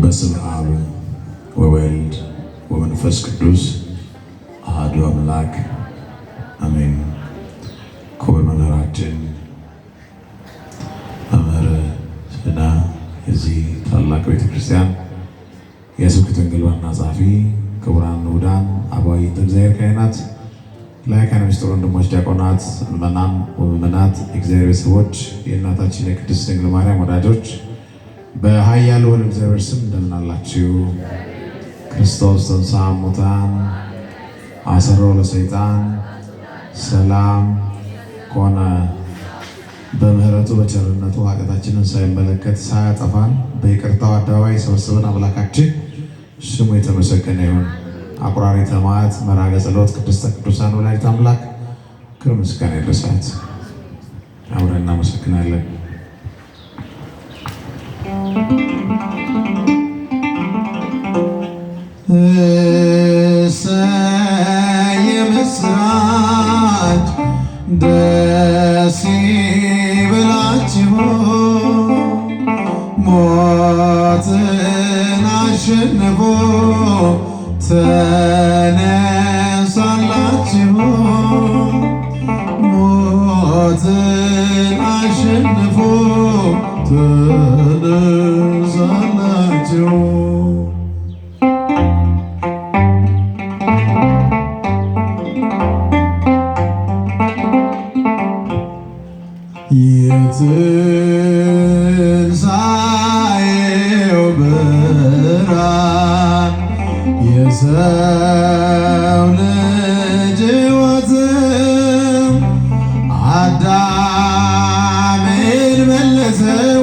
በስም አብ ወወልድ ወመንፈስ ቅዱስ አሐዱ አምላክ አሜን። ክቡር መምህራችን መምህር ስና የዚህ ታላቅ ቤተክርስቲያን የስብከተ ወንጌል ዋና ጸሐፊ፣ ክቡራን ውዳን አባይ እግዚአብሔር ካህናት ለካህናት ምስጢር ወንድሞች፣ ዲያቆናት፣ ምእመናን ወምእመናት፣ እግዚአብሔር ቤተሰቦች፣ የእናታችን የቅድስት ድንግል ማርያም ወዳጆች በኃያል ወልድ እግዚአብሔር ስም እንደምናላችሁ ክርስቶስ ተንሥአ እሙታን አሰሮ ለሰይጣን ሰላም ኮነ። በምሕረቱ በቸርነቱ ኃጢአታችንን ሳይመለከት ሳያጠፋን በይቅርታው አደባባይ ሰበስበን አምላካችን ስሙ የተመሰገነ ይሁን። አቁራሪ ተማት መራገ ጸሎት ቅድስተ ቅዱሳን ወላዲተ አምላክ ክብር ምስጋና ይድረሳት። አብረን እናመሰግናለን። ደስ ይበላችሁ ሞትን አሸንፎ ሰው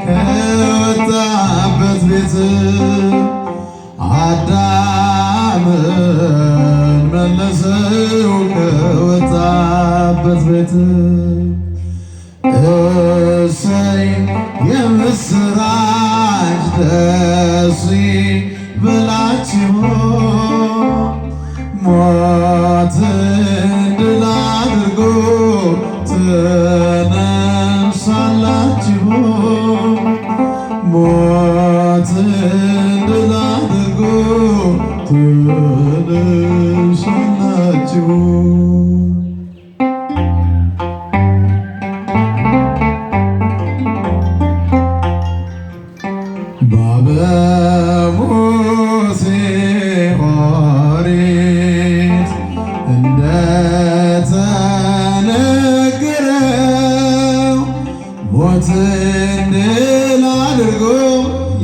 ከወጣበት ቤት አዳምን መለሰው ከወጣበት ቤት እሰይ የምስራች ደስ ቅዱሳን ናችሁ። እንደተነገረው ሞትን ድል አድርጎ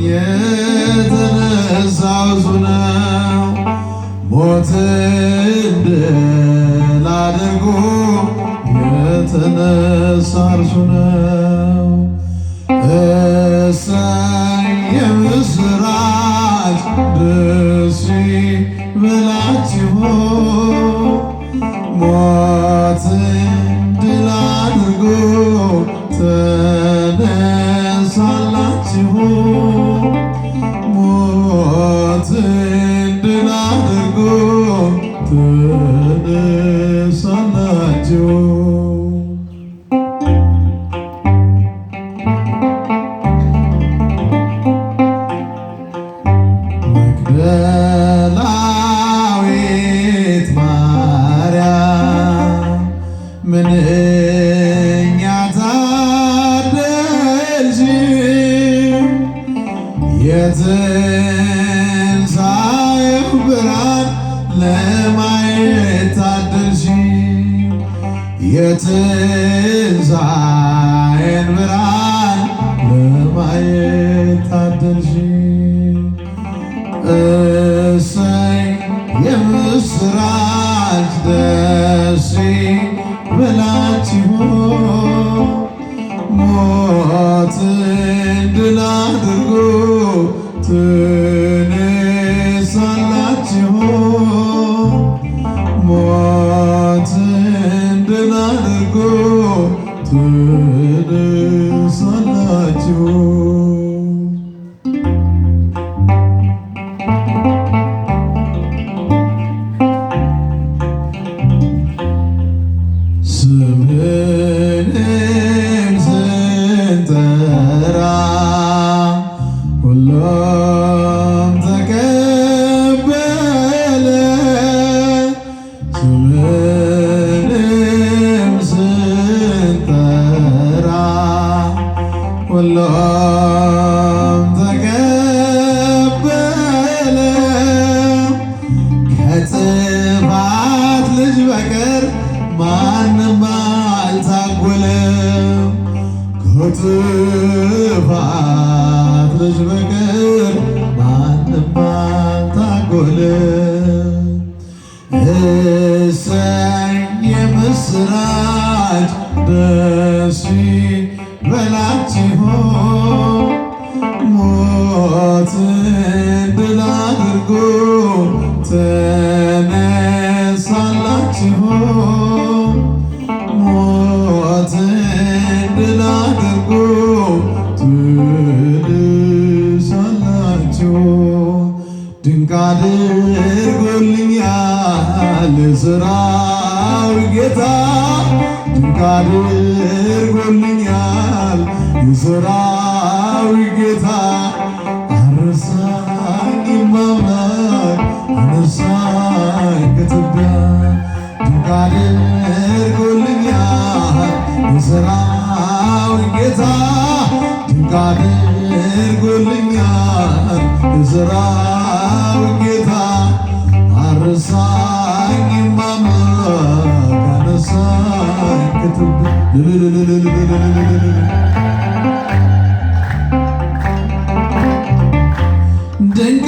የተነሳው እሱ ነው። ሞትን ድል አድርጎ የተነሳ እርሱ ነው። good. ብርሃን ለማየት ታደልሽ። እሰይ የምስራች ደስ ብላችሁ ሞትን ድል አድርጉ ሁሉም ተቀበለ ከጥፋት ልጅ በቀር ማንም አልታጎለም። ከጥፋት ልጅ በቀር ማንም አልታጎለም። እሰይ የምስራች ደስ ሞት ድል አድርጎ ተነሳላችሁ፣ ሞት ድል አድርጎ ትንሳላችሁ። ድንቅ አድርጎልኛል የሠራዊት ጌታ ድንቅ አድርጎልኛል የሠራዊት ጌታ ከትቢያ ድካምን እርጎልኛል የሰራዊት ጌታ ድካምን እርጎልኛል የሰራዊት ጌታ አረሳኝም አምላክ ከትቢያ ድንቅ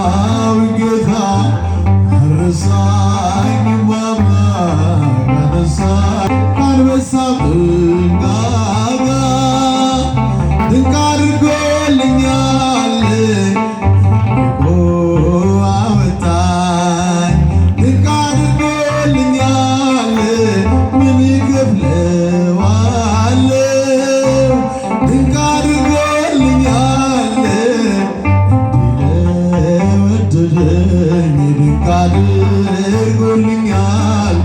ያድነኛል።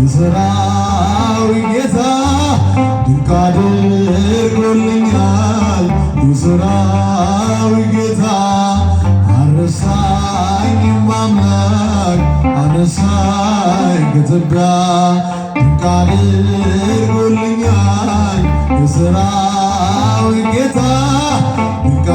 የሰራዊት ጌታ ድንቅ አድርጎልኛል። የሰራዊት ጌታ አነሳኝ ማምላክ አነሳኝ ከትቢያ ድንቅ አድርጎልኛል። የሰራዊት ጌታ ድንቅ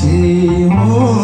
যে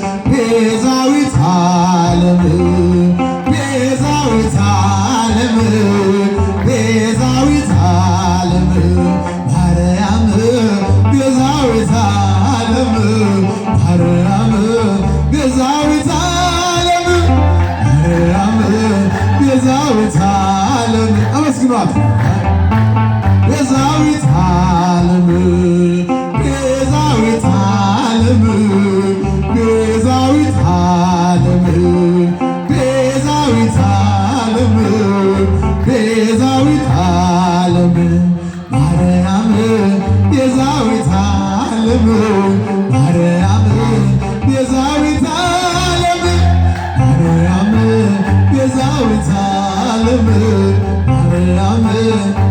ቤዛዊት ዓለም አመስግኗት። ቤዛዊት ዓለም ቤዛዊት ዓለም ቤዛዊት ዓለም ቤዛዊት ዓለም ቤዛዊት ዓለም ማርያም ቤዛዊት ዓለም ማርያም ቤዛዊት ዓለም ማርያም ቤዛዊት አምላምን